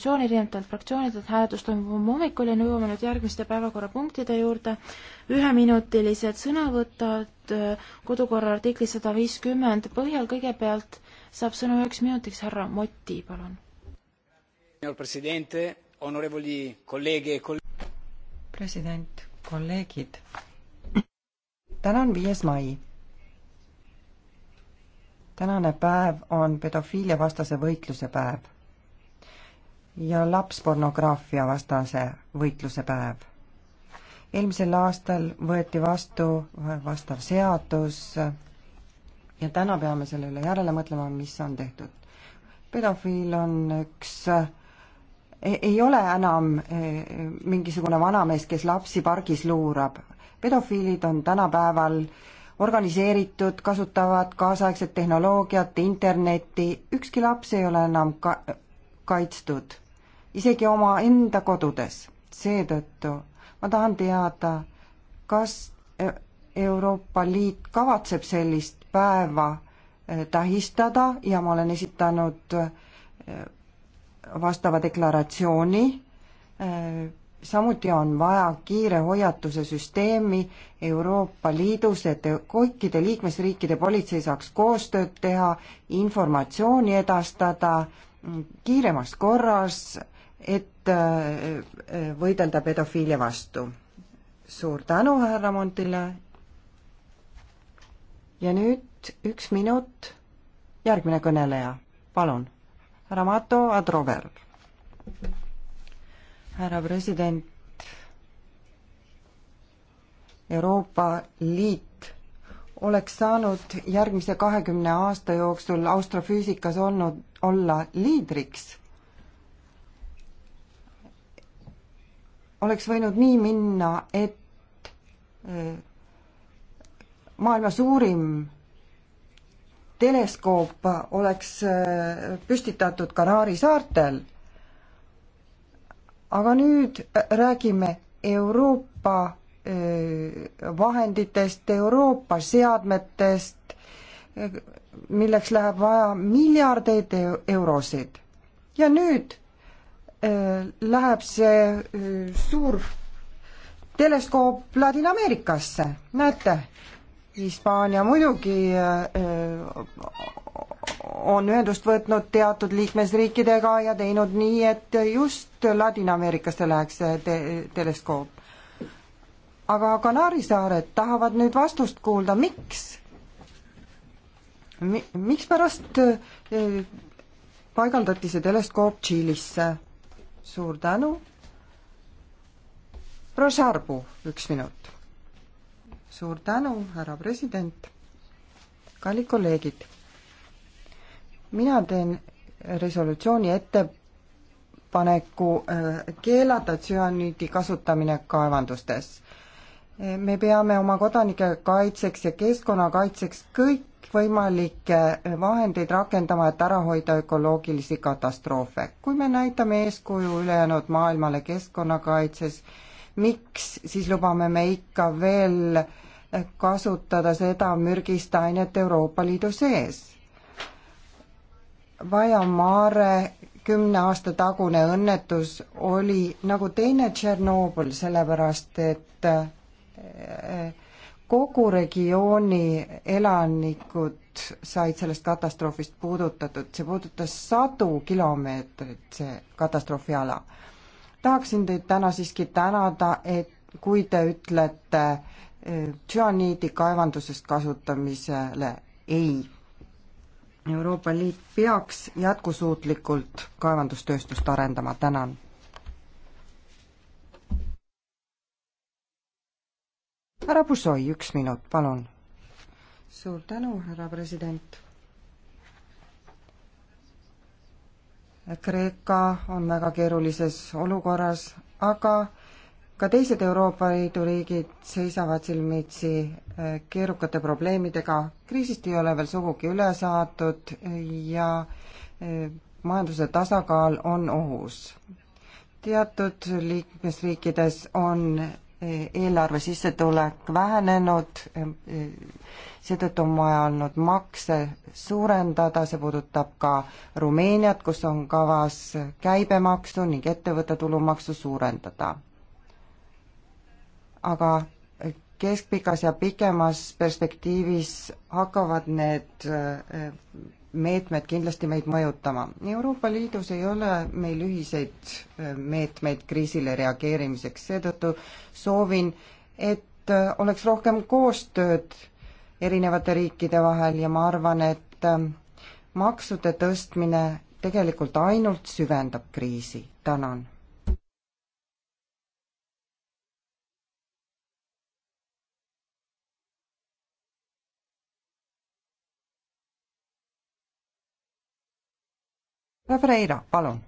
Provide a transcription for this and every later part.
diskussiooni erinevatelt fraktsioonidelt, hääletus toimub homme hommikul ja nüüd jõuame nüüd järgmiste päevakorrapunktide juurde. üheminutilised sõnavõtad äh, kodukorra artikli sada viiskümmend põhjal, kõigepealt saab sõna üheks minutiks härra Moti, palun. president, kolleegid. täna on viies mai tänane päev on pedofiiliavastase võitluse päev ja lapspornograafia vastase võitluse päev. eelmisel aastal võeti vastu vastav seadus ja täna peame selle üle järele mõtlema, mis on tehtud. pedofiil on üks ei ole enam e, mingisugune vanamees, kes lapsi pargis luurab. pedofiilid on tänapäeval organiseeritud, kasutavad kaasaegset tehnoloogiat, internetti, ükski laps ei ole enam ka-, kaitstud isegi omaenda kodudes. seetõttu ma tahan teada, kas e- Euroopa Liit kavatseb sellist päeva e, tähistada ja ma olen esitanud e, vastava deklaratsiooni. samuti on vaja kiire hoiatuse süsteemi Euroopa Liidus, et kõikide liikmesriikide politsei saaks koostööd teha, informatsiooni edastada kiiremas korras äh, et äh, võidelda pedofiilia vastu. suur tänu härra Montile. ja nüüd üks minut, järgmine kõneleja, palun. härra Mato Adrover. härra president, Euroopa Liit oleks saanud järgmise kahekümne aasta jooksul astrofüüsikas olnud, olla liidriks oleks võinud nii minna, et äh, maailma suurim teleskoop oleks äh, püstitatud Kanaari saartel. aga nüüd äh, räägime Euroopa vahenditest, Euroopa seadmetest, milleks läheb vaja miljardeid eurosid. ja nüüd Äh, läheb see äh, suur teleskoop Ladina-Ameerikasse, näete, Hispaania muidugi äh, on ühendust võtnud teatud liikmesriikidega ja teinud nii, et just Ladina-Ameerikasse läheks see te teleskoop. aga Kanaari saared tahavad nüüd vastust kuulda, miks Mi? mikspärast paigaldati see teleskoop Tšiilisse? suur tänu. Rošarbu, üks minut. suur tänu, härra president. kallid kolleegid, mina teen resolutsiooni ettepaneku äh, keelata tsüaniidi kasutamine kaevandustes me peame oma kodanike kaitseks ja keskkonnakaitseks kõikvõimalikke vahendeid rakendama, et ära hoida ökoloogilisi katastroofe. kui me näitame eeskuju ülejäänud maailmale keskkonnakaitses, miks siis lubame me ikka veel kasutada seda mürgist ainet Euroopa Liidu sees? Vaia Maare kümne aasta tagune õnnetus oli nagu teine Tšernobõl, sellepärast et kogu regiooni elanikud said sellest katastroofist puudutatud, see puudutas sadu kilomeetreid, see katastroofiala. tahaksin teid täna siiski tänada, et kui te ütlete eh, tsüaniidi kaevandusest kasutamisele ei. Euroopa Liit peaks jätkusuutlikult kaevandustööstust arendama, tänan härra Bussoi, üks minut, palun. suur tänu, härra president Kreeka on väga keerulises olukorras, aga ka teised Euroopa Liidu riigid seisavad silmitsi eh, keerukate probleemidega. kriisist ei ole veel sugugi üle saadud ja eh, majanduse tasakaal on ohus. teatud liikmesriikides on eelarve sissetulek vähenenud, seetõttu on vaja olnud makse suurendada, see puudutab ka Rumeeniat, kus on kavas käibemaksu ning ettevõtte tulumaksu suurendada. aga keskpikas ja pikemas perspektiivis hakkavad need meetmed kindlasti meid mõjutama. Euroopa Liidus ei ole meil ühiseid äh, meetmeid kriisile reageerimiseks, seetõttu soovin, et äh, oleks rohkem koostööd erinevate riikide vahel ja ma arvan, et äh, maksude tõstmine tegelikult ainult süvendab kriisi. tänan härra Pereira, palun.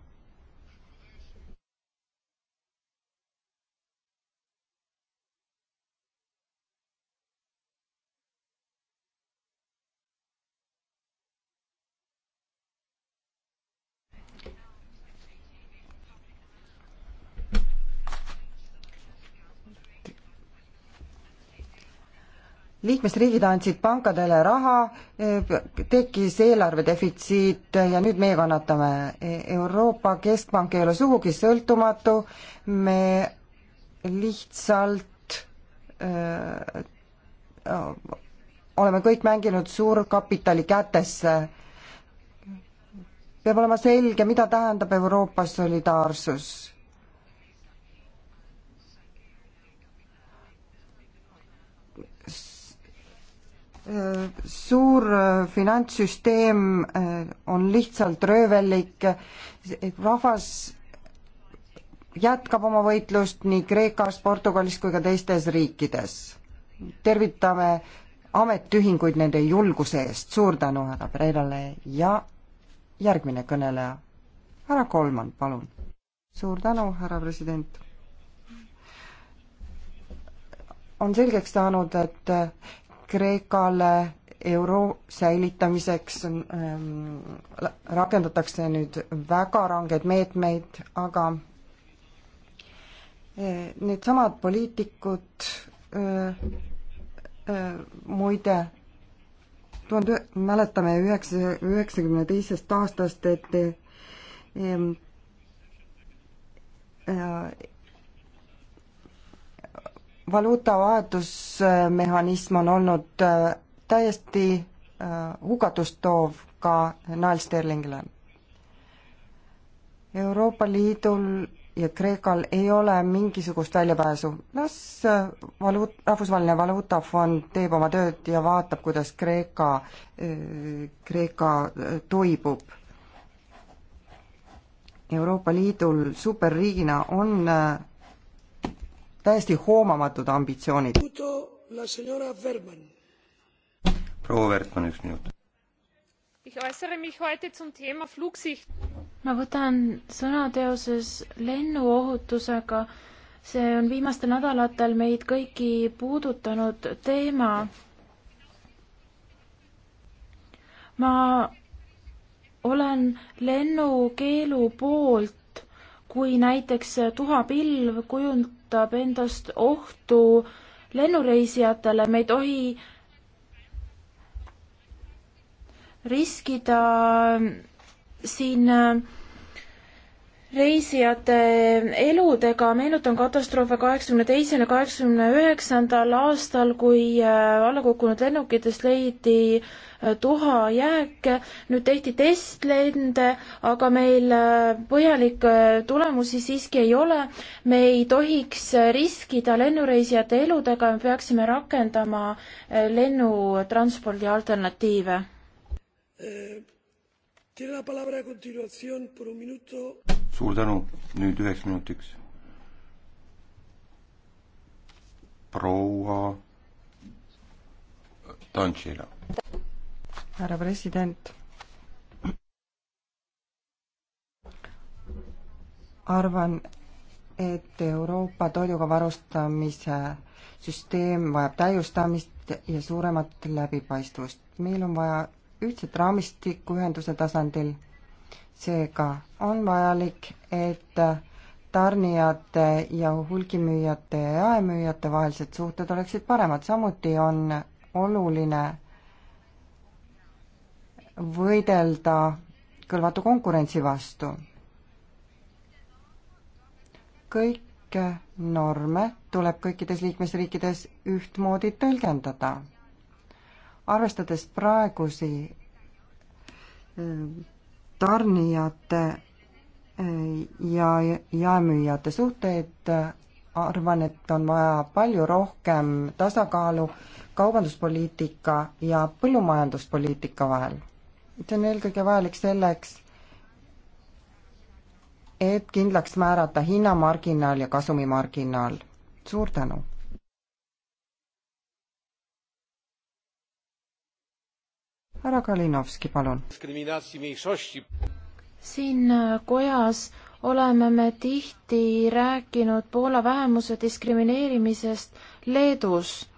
liikmesriigid andsid pankadele raha, tekkis eelarve defitsiit ja nüüd meie kannatame. Euroopa Keskpank ei ole sugugi sõltumatu, me lihtsalt öö, äh, oleme kõik mänginud suurkapitali kätesse. peab olema selge, mida tähendab Euroopa solidaarsus suur äh, finantssüsteem äh, on lihtsalt röövellik, rahvas jätkab oma võitlust nii Kreekas, Portugalis kui ka teistes riikides. tervitame ametiühinguid nende julguse eest, suur tänu härra Pereirale ja järgmine kõneleja, härra Kolman, palun. suur tänu, härra president. on selgeks saanud, et Kreekale euro säilitamiseks ähm, rakendatakse nüüd väga rangeid meetmeid, aga äh, needsamad poliitikud äh, äh, muide tuhande, mäletame üheksa, üheksakümne teisest aastast, et ähm, äh, valuutavahetusmehhanism on olnud äh, täiesti hukatust äh, toov ka Nael Sterlingile. Euroopa Liidul ja Kreekal ei ole mingisugust väljapääsu. las äh, valuut, Rahvusvaheline Valuutafond teeb oma tööd ja vaatab, kuidas Kreeka, Kreeka toibub. Euroopa Liidul superriigina on täiesti hoomamatud ambitsioonid. proua Vertmann, üks minut. ma võtan sõna teoses lennuohutusega. see on viimastel nädalatel meid kõiki puudutanud teema. ma olen lennukeelu poolt, kui näiteks tuhapilv kujund-, kujutab endast ohtu lennureisijatele, me ei tohi riskida siin äh, reisijate eludega, meenutan katastroofe kaheksakümne teisel ja kaheksakümne üheksandal aastal, kui äh, allakukkunud lennukitest leiti äh, tuhajääke, nüüd tehti testlende, aga meil äh, põhjalikke tulemusi siiski ei ole. me ei tohiks riskida lennureisijate eludega, me peaksime rakendama lennutranspordi alternatiive. Eh, tiene la palabra a continuación por un minuto suur tänu, nüüd üheks minutiks. proua Tantšila. härra president. arvan, et Euroopa toiduga varustamise süsteem vajab täiustamist ja suuremat läbipaistvust. meil on vaja ühtset raamistikku ühenduse tasandil seega on vajalik, et tarnijate ja hulgimüüjate ja jaemüüjate vahelised suhted oleksid paremad, samuti on oluline võidelda kõlvatu konkurentsi vastu. kõiki norme tuleb kõikides liikmesriikides ühtmoodi tõlgendada. arvestades praegusi tarnijate eh, ja jaemüüjate suhteid, eh, arvan, et on vaja palju rohkem tasakaalu kaubanduspoliitika ja põllumajanduspoliitika vahel. see on eelkõige vajalik selleks, et kindlaks määrata hinnamarginaal ja kasumimarginaal. suur tänu! härra Kalinovski, palun. siin äh, kojas oleme me tihti rääkinud Poola vähemuse diskrimineerimisest Leedus.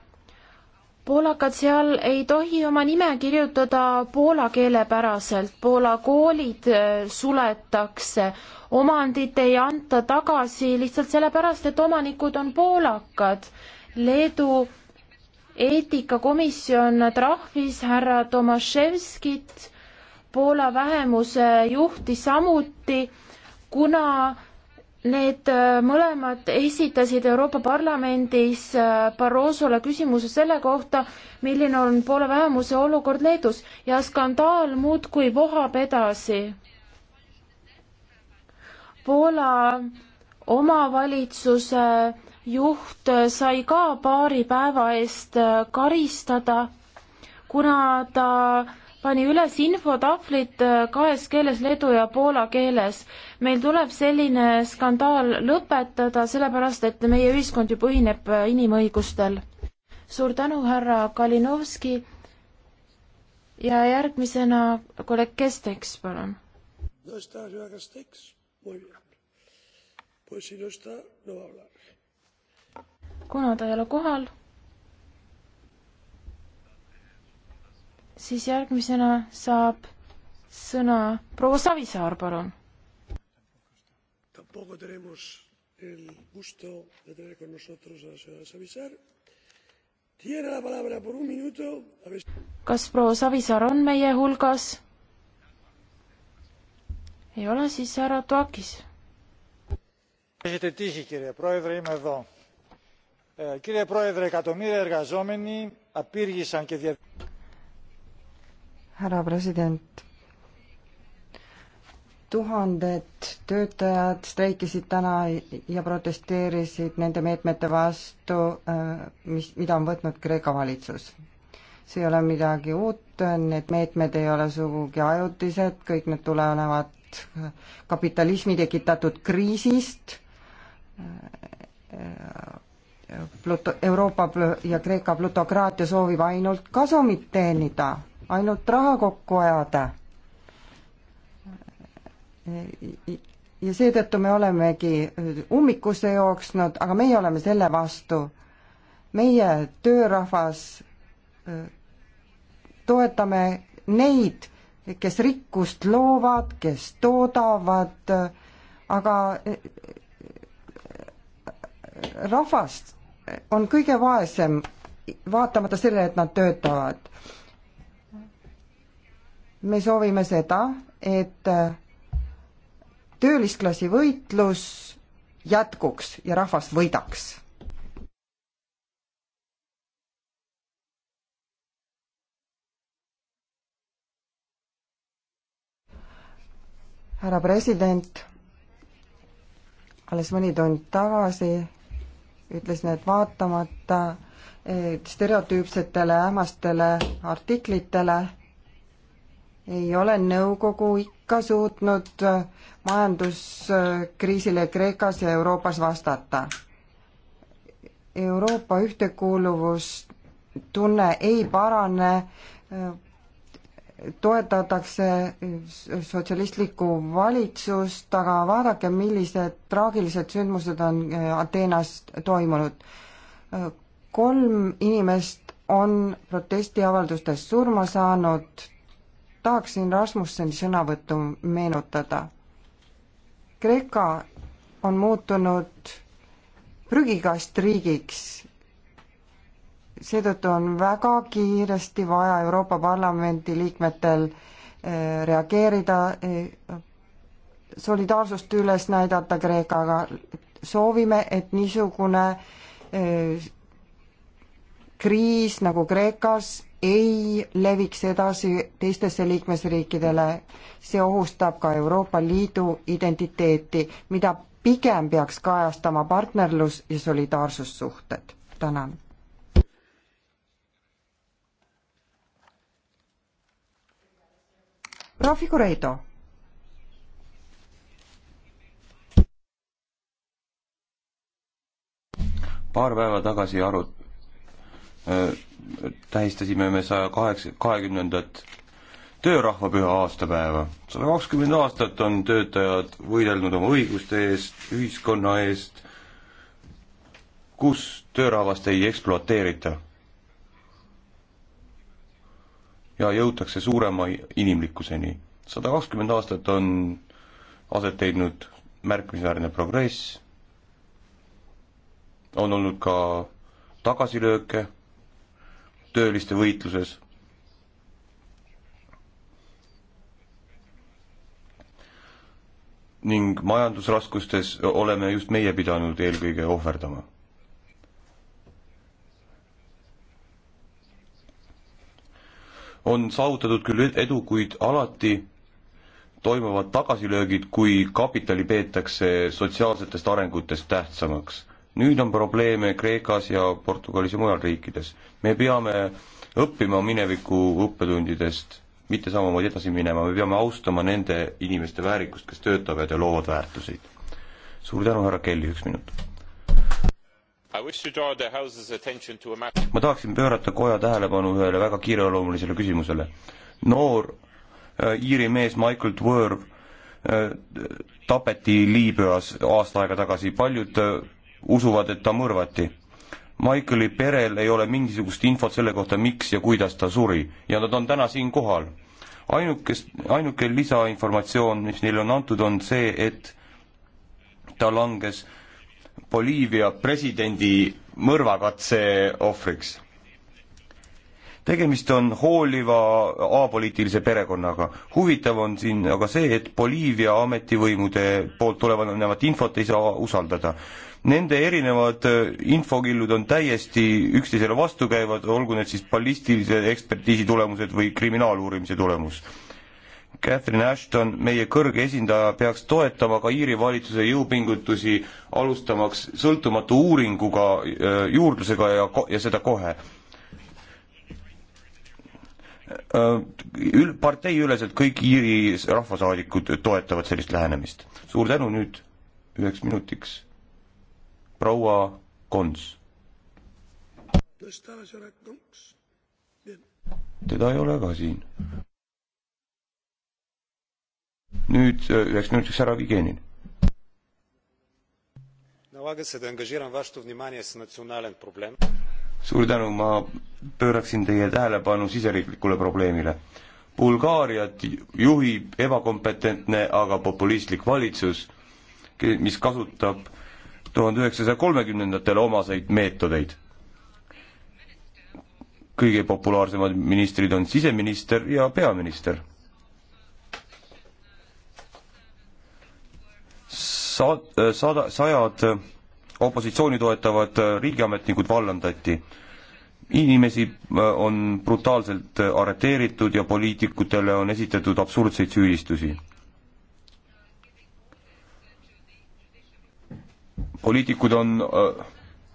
poolakad seal ei tohi oma nime kirjutada poola keele päraselt, Poola koolid äh, suletakse, omandit ei anta tagasi lihtsalt sellepärast, et omanikud on poolakad. Leedu eetikakomisjon trahvis härra Tomaševskit, Poola vähemuse juhti samuti, kuna need äh, mõlemad esitasid Euroopa Parlamendis äh, Barrosole küsimuse selle kohta, milline on Poola vähemuse olukord Leedus ja skandaal muudkui vohab edasi. Poola omavalitsuse juht sai ka paari päeva eest äh, karistada, kuna ta pani üles infotahvlid äh, kahes keeles, leedu ja poola keeles. meil tuleb selline skandaal lõpetada, sellepärast et meie ühiskond ju põhineb äh, inimõigustel. suur tänu, härra Kalinovski ja järgmisena kolleeg Kesteks, palun. no está, señora Kesteks, muy bien. Pues si no está, no va a hablar kuna ta ei ole kohal, siis järgmisena saab sõna proua Savisaar, palun. Tampoco tenemos el gusto de tener con nosotros a la señora Savisaar. Tiene la palabra por un minuto. kas proua Savisaar on meie hulgas? ei ole, siis härra Toakis. esitate ise kirja, proua Edre, ime too Κύριε Πρόεδρε, εκατομμύρια εργαζόμενοι απήργησαν και δια... Härra president, tuhanded töötajad streikisid täna ja protesteerisid nende meetmete vastu, äh, mis, mida on võtnud Kreeka valitsus. see ei ole midagi uut, need meetmed ei ole sugugi ajutised, kõik need tulenevad kapitalismi tekitatud kriisist, äh, äh, pluto-, Euroopa ja Kreeka plutokraatia soovib ainult kasumit teenida, ainult raha kokku ajada. ja seetõttu me olemegi ummikusse jooksnud, aga meie oleme selle vastu. meie töörahvas äh, toetame neid, kes rikkust loovad, kes toodavad, äh, aga äh, rahvast on kõige vaesem, vaatamata sellele, et nad töötavad. me soovime seda, et äh, töölisklassi võitlus jätkuks ja rahvas võidaks. härra president, alles mõni tund tagasi ütlesin, et vaatamata stereotüüpsetele ähmastele artiklitele ei ole nõukogu ikka suutnud majanduskriisile Kreekas ja Euroopas vastata. Euroopa ühtekuuluvustunne ei parane toetatakse sotsialistlikku valitsust, aga vaadake, millised traagilised sündmused on äh, Ateenas toimunud. kolm inimest on protestiavaldustes surma saanud, tahaksin Rasmusseni sõnavõttu meenutada. Kreeka on muutunud prügikast riigiks seetõttu on väga kiiresti vaja Euroopa Parlamendi liikmetel eh, reageerida, eh, solidaarsust üles näidata Kreekaga, soovime, et niisugune eh, kriis nagu Kreekas ei leviks edasi teistesse liikmesriikidele. see ohustab ka Euroopa Liidu identiteeti, mida pigem peaks kajastama partnerlus ja solidaarsussuhted. tänan proua Figureido. paar päeva tagasi aru- äh,, tähistasime me saja kaheksa, kahekümnendat töörahvapüha aastapäeva. sada kakskümmend aastat on töötajad võidelnud oma õiguste eest, ühiskonna eest, kus töörahvast ei ekspluateerita ja jõutakse suurema inimlikkuseni. sada kakskümmend aastat on aset leidnud märkimisväärne progress, on olnud ka tagasilööke tööliste võitluses, ning majandusraskustes oleme just meie pidanud eelkõige ohverdama on saavutatud küll edu, kuid alati toimuvad tagasilöögid, kui kapitali peetakse sotsiaalsetest arengutest tähtsamaks. nüüd on probleeme Kreekas ja Portugalis ja mujal riikides. me peame õppima mineviku õppetundidest, mitte samamoodi edasi minema, me peame austama nende inimeste väärikust, kes töötavad ja loovad väärtuseid. suur tänu, härra Kelly, üks minut ma tahaksin pöörata koja tähelepanu ühele väga kiireloomulisele küsimusele. noor äh, Iiri mees Michael Dwerv äh, tapeti Liibüas aasta aega tagasi, paljud äh, usuvad, et ta mõrvati. Michaeli perel ei ole mingisugust infot selle kohta, miks ja kuidas ta suri ja nad on täna siin kohal. ainukes, ainuke lisainformatsioon, mis neile on antud, on see, et ta langes äh, Boliivia presidendi mõrvakatse ohvriks. tegemist on hooliva apoliitilise perekonnaga. huvitav on siin aga see, et Boliivia ametivõimude poolt tulevat infot ei saa usaldada. Nende erinevad äh, infokillud on täiesti üksteisele vastukäivad, olgu need siis ballistilise ekspertiisi tulemused või kriminaaluurimise tulemus Catherine Ashton, meie kõrge esindaja, peaks toetama ka Iiri valitsuse jõupingutusi, alustamaks sõltumatu uuringuga, äh, juurdlusega ja, ja seda kohe. Äh, ül-, parteiüleselt kõik Iiri rahvasaadikud toetavad sellist lähenemist. suur tänu nüüd üheks minutiks, proua Kons. teda ei ole ka siin nüüd üheks minutiks härra Vigenin. suur tänu, ma pööraksin teie tähelepanu siseriiklikule probleemile. Bulgaariat juhib ebakompetentne, aga populistlik valitsus, mis kasutab tuhande üheksasaja kolmekümnendatele omaseid meetodeid kõige populaarsemad ministrid on siseminister ja peaminister. sa-, äh, sada, sajad äh, opositsiooni toetavad äh, riigiametnikud vallandati. inimesi on brutaalselt arreteeritud ja poliitikutele on esitatud absurdseid süüdistusi. poliitikud on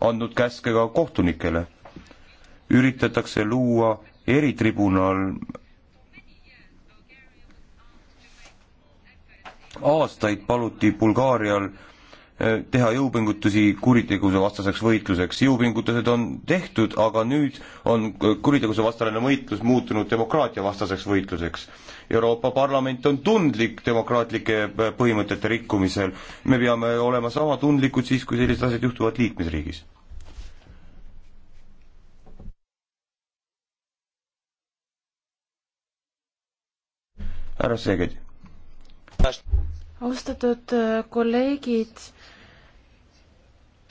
andnud käske ka kohtunikele. üritatakse luua eritribunal aastaid paluti Bulgaarial eh, teha jõupingutusi kuritegevuse vastaseks võitluseks. jõupingutused on tehtud, aga nüüd on eh, kuritegevuse vastane võitlus muutunud demokraatia vastaseks võitluseks. Euroopa Parlament on tundlik demokraatlike eh, põhimõtete rikkumisel. me peame olema sama tundlikud siis, kui sellised asjad juhtuvad liikmesriigis. härra Seged austatud äh, kolleegid,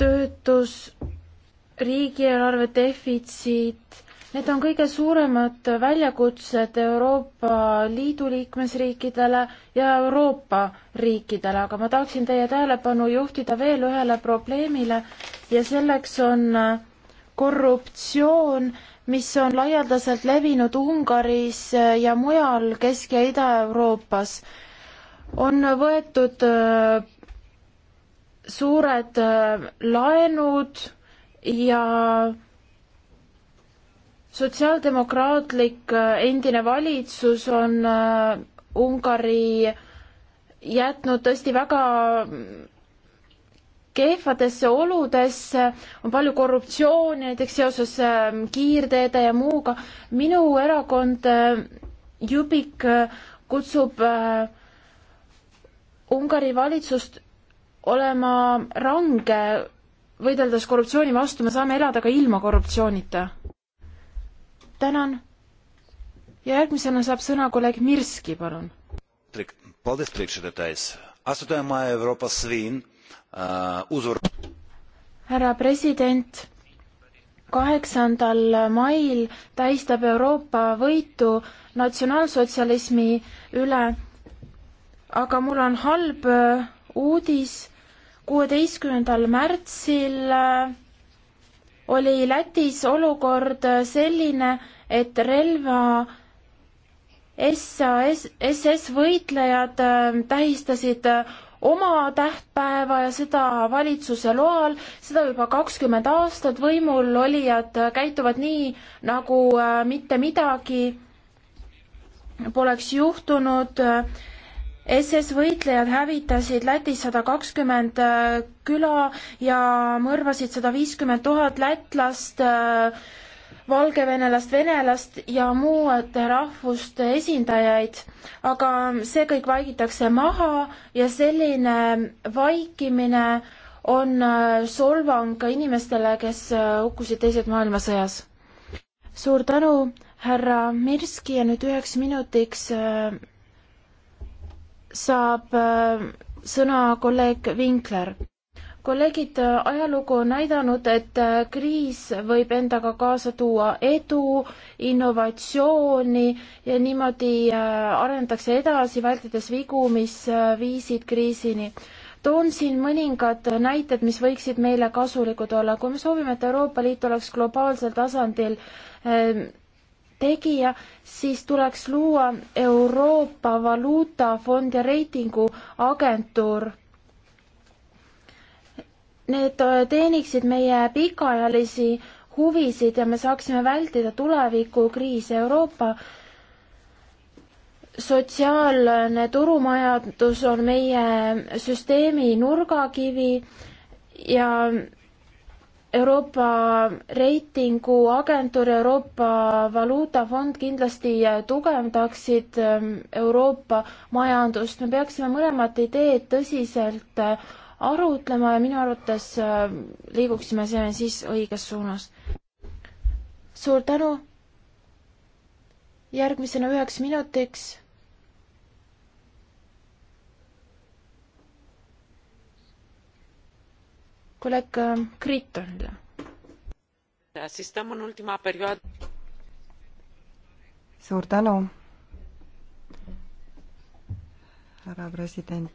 töötus, riigieelarve defitsiit, need on kõige suuremad väljakutsed Euroopa Liidu liikmesriikidele ja Euroopa riikidele, aga ma tahaksin teie tähelepanu juhtida veel ühele probleemile ja selleks on äh, korruptsioon, mis on laialdaselt levinud Ungaris äh, ja mujal Kesk- ja Ida-Euroopas on võetud äh, suured äh, laenud ja sotsiaaldemokraatlik äh, endine valitsus on Ungari jätnud tõesti väga kehvadesse oludesse, on palju korruptsiooni näiteks seoses ähm, kiirteede ja muuga. minu erakond Jubik kutsub äh, Ungari valitsust olema range võideldes korruptsiooni vastu, me saame elada ka ilma korruptsioonita. tänan. ja järgmisena saab sõna kolleeg Mirski, palun. härra president, kaheksandal mail tähistab Euroopa võitu natsionaalsotsialismi üle aga mul on halb äh, uudis. kuueteistkümnendal märtsil äh, oli Lätis olukord äh, selline, et relva SAS, SS võitlejad tähistasid oma tähtpäeva ja seda valitsuse loal, seda juba kakskümmend aastat, võimul olijad käituvad nii, nagu mitte midagi poleks juhtunud SS-võitlejad hävitasid Lätis sada kakskümmend äh, küla ja mõrvasid sada viiskümmend tuhat lätlast, äh, valgevenelast, venelast ja muud rahvuste esindajaid. aga see kõik vaigitakse maha ja selline vaikimine on äh, solvang ka inimestele, kes hukkusid Teises maailmasõjas. suur tänu, härra Mirski ja nüüd üheks minutiks saab äh, sõna kolleeg Vinkler. kolleegid, äh, ajalugu on näidanud, et äh, kriis võib endaga kaasa tuua edu, innovatsiooni ja niimoodi arendatakse edasi, vältides vigu, mis viisid kriisini toon siin mõningad näited, mis võiksid meile kasulikud olla. kui me soovime, et Euroopa Liit oleks globaalsel tasandil tegija, siis tuleks luua Euroopa Valuutafond ja reitinguagentuur. Need äh, teeniksid meie pikaajalisi huvisid ja me saaksime vältida tulevikukriise Euroopa sotsiaalne turumajandus on meie süsteemi nurgakivi ja Euroopa reitinguagentuur, Euroopa Valuutafond kindlasti tugevdaksid ähm, Euroopa majandust, me peaksime mõlemat ideed tõsiselt äh, arutlema ja minu arvates äh, liiguksime see siis õiges suunas. suur tänu! järgmisena üheks minutiks kolleeg äh, Kritonile. suur tänu, härra president.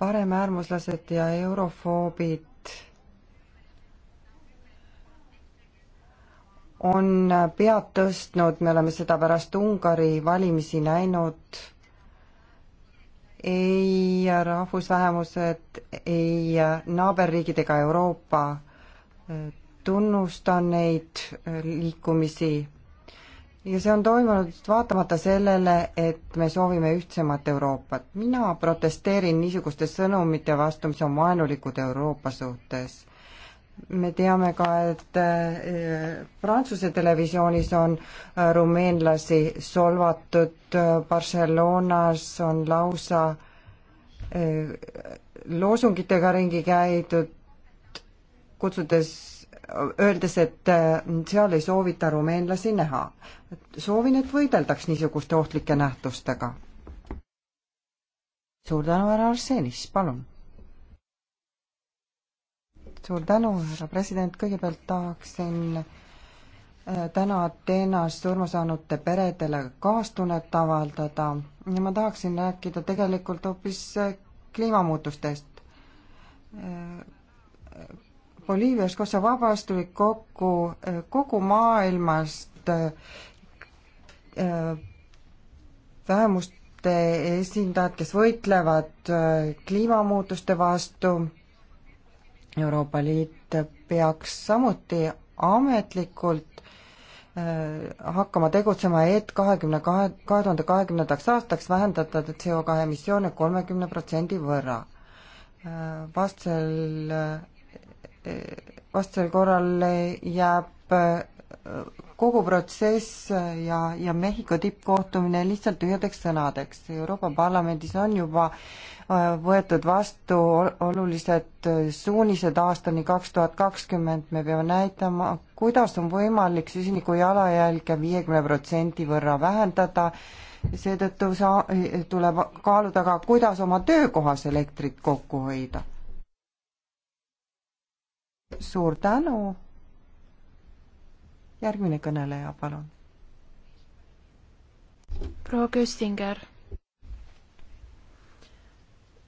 paremäärmuslased ja eurofoobid on pead tõstnud, me oleme seda pärast Ungari valimisi näinud ei rahvusvähemused, ei naaberriigid ega Euroopa äh, tunnusta neid äh, liikumisi. ja see on toimunud vaatamata sellele, et me soovime ühtsemat Euroopat. mina protesteerin niisuguste sõnumite vastu, mis on vaenulikud Euroopa suhtes me teame ka, et äh, Prantsuse televisioonis on äh, rumeenlasi solvatud, äh, Barcelonas on lausa loosungitega ringi käidud, kutsudes, öeldes, et seal ei soovita rumeenlasi näha. soovin, et võideldaks niisuguste ohtlike nähtustega. suur tänu, härra Arsenis, palun suur tänu, härra president, kõigepealt tahaksin äh, täna Ateenas surma saanute peredele kaastunnet avaldada ja ma tahaksin rääkida tegelikult hoopis äh, kliimamuutustest. Äh, Boliivias Kosovabas tulid kokku kogu maailmast vähemuste esindajad, kes võitlevad kliimamuutuste vastu Euroopa Liit peaks samuti ametlikult äh, hakkama tegutsema, et kahekümne kahe, kahe tuhande kahekümnendaks aastaks vähendada CO2 emissioone kolmekümne protsendi võrra. vastasel, äh, vastasel äh, korral jääb kogu protsess ja, ja Mehhiko tippkohtumine lihtsalt ühedeks sõnadeks. Euroopa Parlamendis on juba äh, võetud vastu olulised äh, suunised aastani kaks tuhat kakskümmend, me peame näitama, kuidas on võimalik süsiniku jalajälge viiekümne protsendi võrra vähendada, seetõttu saa-, tuleb kaaluda ka, kuidas oma töökohas elektrit kokku hoida. suur tänu! järgmine kõneleja, palun. proua Köstinger.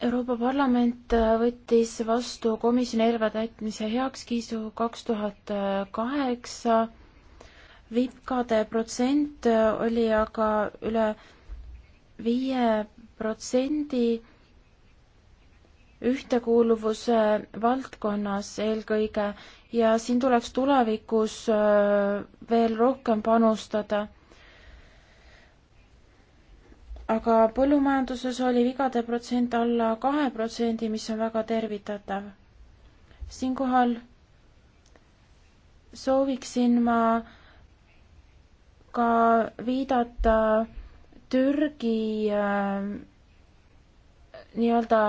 Euroopa Parlament võttis vastu komisjoni eelarve täitmise heakskiisu kaks tuhat kaheksa. vipkade protsent oli aga üle viie protsendi ühtekuuluvuse valdkonnas eelkõige ja siin tuleks tulevikus äh, veel rohkem panustada. aga põllumajanduses oli vigade protsent alla kahe protsendi, mis on väga tervitatav. siinkohal sooviksin ma ka viidata Türgi äh, nii-öelda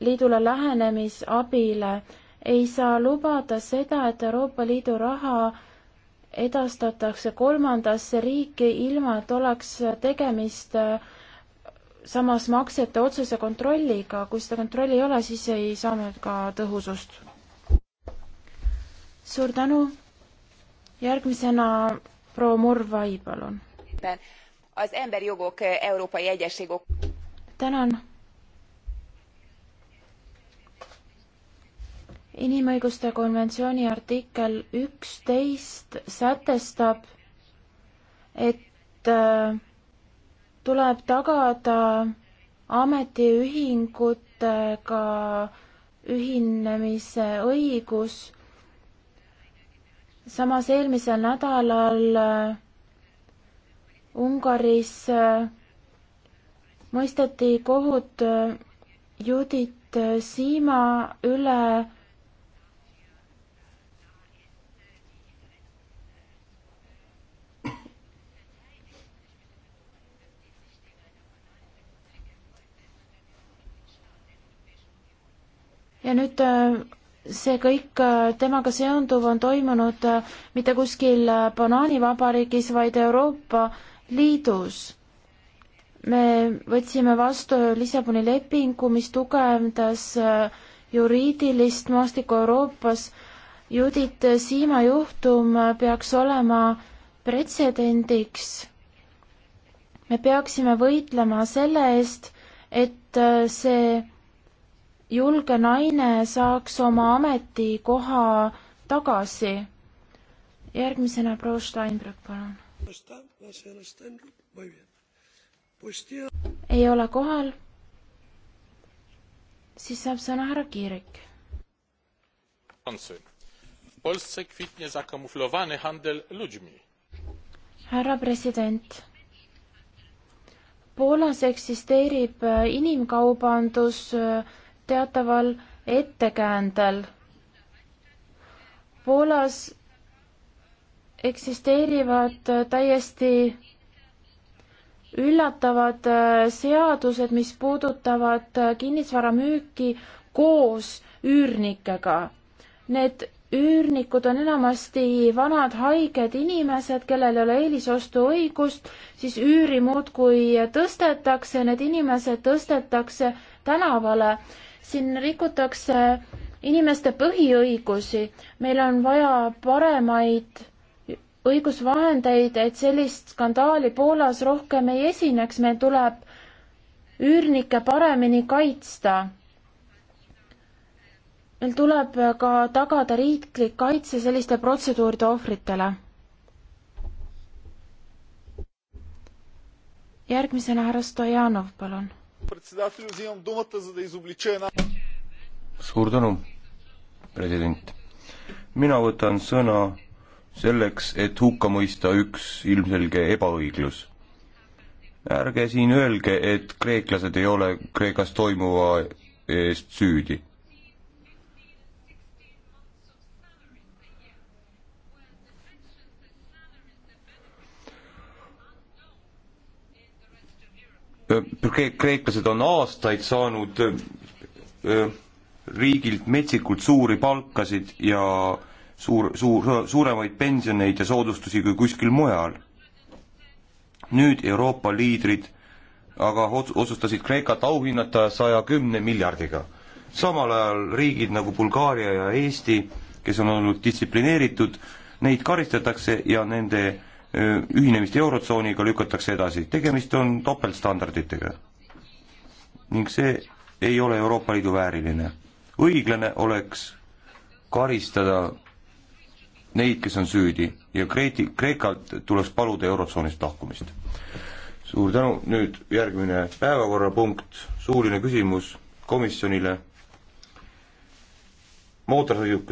liidule lähenemisabile ei saa lubada seda, et Euroopa Liidu raha edastatakse kolmandasse riiki, ilma et oleks tegemist äh, samas maksete otsese kontrolliga, kui seda kontrolli ei ole, siis ei saa me ka tõhusust. suur tänu, järgmisena proua Murvai, palun. tänan inimõiguste konventsiooni artikkel üksteist sätestab, et äh, tuleb tagada ametiühingutega ühinemise õigus. samas eelmisel nädalal äh, Ungaris äh, mõisteti kohut Judith Siima üle ja nüüd äh, see kõik äh, temaga seonduv on toimunud äh, mitte kuskil banaanivabariigis, vaid Euroopa Liidus. me võtsime vastu Lissaboni lepingu, mis tugevdas juriidilist maastikku Euroopas. Judith Siima juhtum peaks olema pretsedendiks. me peaksime võitlema selle eest, et see julge naine saaks oma ametikoha tagasi. järgmisena proua Steinbrück, palun. ei ole kohal. siis saab sõna härra Kiirik. Polsce kwitnie zakamuflowany handel ludźmi. härra president Poolas eksisteerib inimkaubandus, teataval ettekäändel. Poolas eksisteerivad äh, täiesti üllatavad äh, seadused, mis puudutavad äh, kinnisvara müüki koos üürnikega. Need üürnikud on enamasti vanad haiged inimesed, kellel ei ole eelisostuõigust, siis üüri muudkui tõstetakse, need inimesed tõstetakse tänavale siin rikutakse inimeste põhiõigusi, meil on vaja paremaid õigusvahendeid, et sellist skandaali Poolas rohkem ei esineks, meil tuleb üürnikke paremini kaitsta. meil tuleb ka tagada riiklik kaitse selliste protseduuride ohvritele. järgmisena härra Stojanov, palun председателю, взимам думата, за да изоблича една... Suur tänu, president. Mina võtan sõna selleks, et hukka mõista üks ilmselge ebaõiglus. Ärge siin öelge, et kreeklased ei ole Kreekas toimuva eest süüdi kreeklased on aastaid saanud riigilt metsikult suuri palkasid ja suur, suur, suuremaid pensioneid ja soodustusi kui kuskil mujal. nüüd Euroopa liidrid aga otsustasid Kreekat auhinnata saja kümne miljardiga. samal ajal riigid nagu Bulgaaria ja Eesti, kes on olnud distsiplineeritud, neid karistatakse ja nende ühinemist Eurotsooniga lükatakse edasi, tegemist on topeltstandarditega. ning see ei ole Euroopa Liidu vääriline. õiglane oleks karistada neid, kes on süüdi ja Kreeti, Kreekalt tuleks paluda Eurotsoonist lahkumist. suur tänu, nüüd järgmine päevakorrapunkt, suuline küsimus komisjonile mootorsõiduk